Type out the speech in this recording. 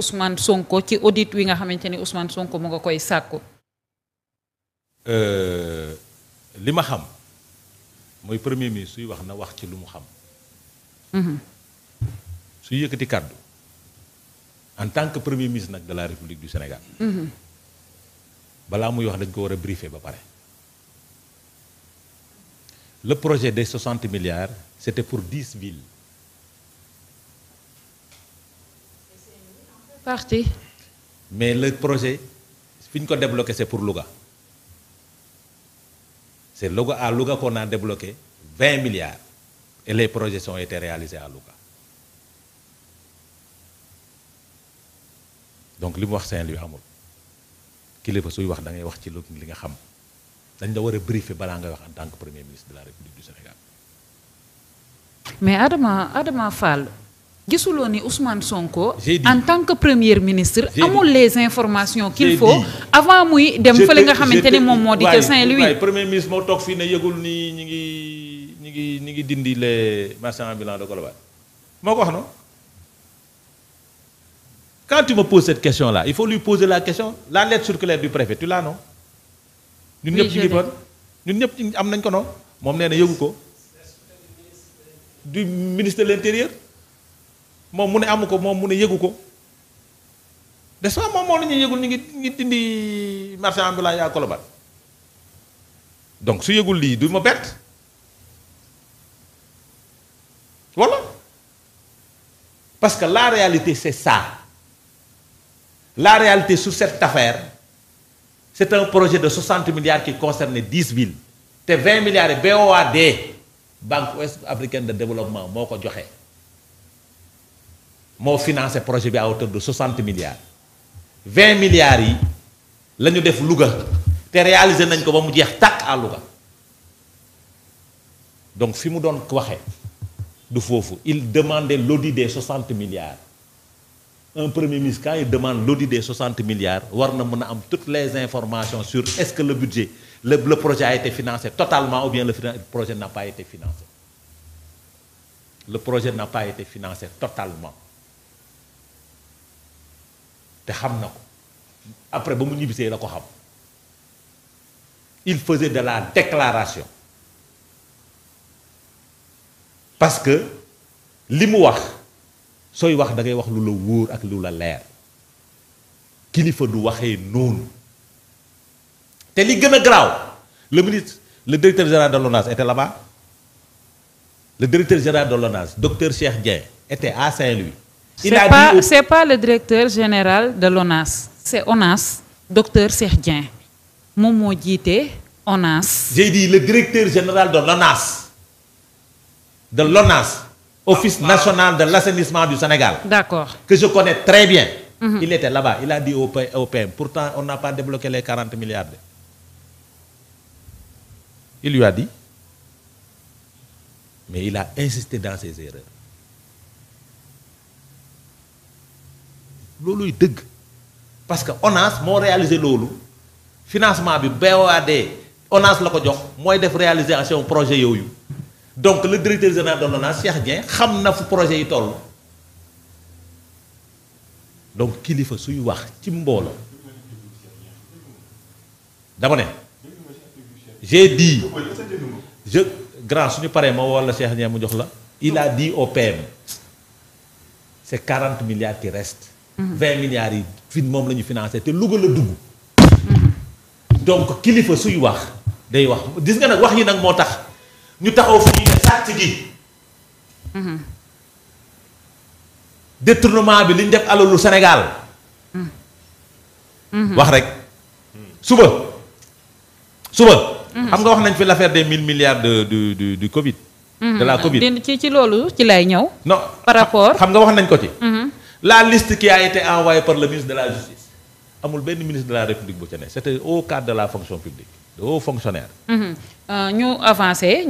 Ousmane Sonko ci audit wi nga xamante ni Ousmane Sonko mu nga koy sàkku. Euh, li ma xam mooy premier ministre suy wax na wax ci lu mu xam. Mhm. su yëkkati kàddu en tant que premier ministre nag de la république du Sénégal. Mhm. balaa muy wax dañ ko war a briefer ba pare. le projet des soixante milliards c'était pour dix villes. partie. mais le projet fiñ ko débloqué c'est pour Louga c'est Louga à Louga ko naa débloqué 20 milliards et les projet ont été réalisés à Louga donc li mu wax Saint-Louis amul kilifa suy wax da ngay wax ci lu li nga xam dañ la war a briefer balaa ngay wax en tant que premier ministre de la République du Sénégal. mais Adama Adama Fall. gisuloo ni Ousmane Sonko. en tant que première ministre. amul les informations qu'il faut. avant muy dem li nga xamante ni moom moo di. ca Saint-Louis waay premier ministre moo toog fii ne yëgul ni ñu ngi ñi ngi ñi ngi dindi les marchands ambulants de Colobane moo ko wax noonu. quand tu me cette question là il faut lui poser la question la lettre circulaire du préfet tu l'as non. ñun ñëpp ñu ngi ñëpp am nañ ko noonu moom nee na yëgu ko. du ministre de l'intérieur. moom mu ne amu ko moom mu ne yëgu ko des fois moom moo la yëgul ñu ngi ngi dindi marché ambulant yaa Colobane donc su yëgul lii du ma bett wala parce que la réalité c'est ça la réalité sur cette affaire c'est un projet de 60 milliards qui concernait 10 villes te 20 milliards yi BOAD Banque Ouest Africaine de Développement moo ko joxe. moo financé projet bi à hauteur de 60 milliards 20 milliards yi la ñu def Louga te réalisé nañ ko ba mu jeex tàkk à Louga donc fi mu doon waxee du foofu il demandait l'audit des 60 milliards un premier ministre quand il demande l'audit des 60 milliards war na mën a am toutes les informations sur est-ce que le budget le le projet a financé totalement ou bien le projet n'a pas été financé le projet n'a pas été financé totalement te xam na ko après ba mu ñibbisee la ko xam il faisait de la déclaration parce que li mu wax sooy wax da ngay wax lu la wóor ak lu la leer kilifa du waxee noonu te li gën a garaaw le ministre le directeur général de l'ONAS était là-bas le directeur général de l'ONAS docteur Cheikh Dieng était à Saint-Louis il a pas, dit c'est pas le directeur général de l'ONAS c'est ONAS docteur Cheikh Dieng moom moo jiite ONAS. j'ai dit le directeur général de l'ONAS de l'ONAS Office ah, national de ah. l'assainissement du Sénégal. D'accord. que je connais très bien. Mm-hmm. il était là-bas il a dit au PM pourtant on n'a pas débloqué les quarante milliards il lui a dit mais il a insisté dans ses erreurs. looluy dëgg parce que ONAS moo réalisé loolu financement bi BOAD ONAS la ko jox mooy def réalisation projet yooyu donc le directeur général de l'ONAS Cheikh Dieng xam na fu projet yi toll donc kilifa suy wax ci mbooloo dama ne j'ai dit je grand suñu paree ma wala Cheikh Dieng mu jox la il a dit au PM c'est 40 milliards qui Mhm. vingt milliards yi fi moom la ñu financé te Louga la dugg. Mhm. donc kilifa suy wax day wax gis nga nag wax yi nag moo tax ñu taxaw fii ne sàcc gi. Mhm. détournement bi li ñu def alalu Sénégal. wax rek suba suba. xam nga wax nañ fi l'affaire des mille milliards de du du du Covid. de Covid ah, ci loolu ci lay ñëw. non par rapport xam nga wax nañ ko ci. la liste qui a été envoyée par le ministre de la justice amul benn ministre de la république bu ca ne c'était au cadre de la fonction publique de hauts mhm. euh, ñu avancé.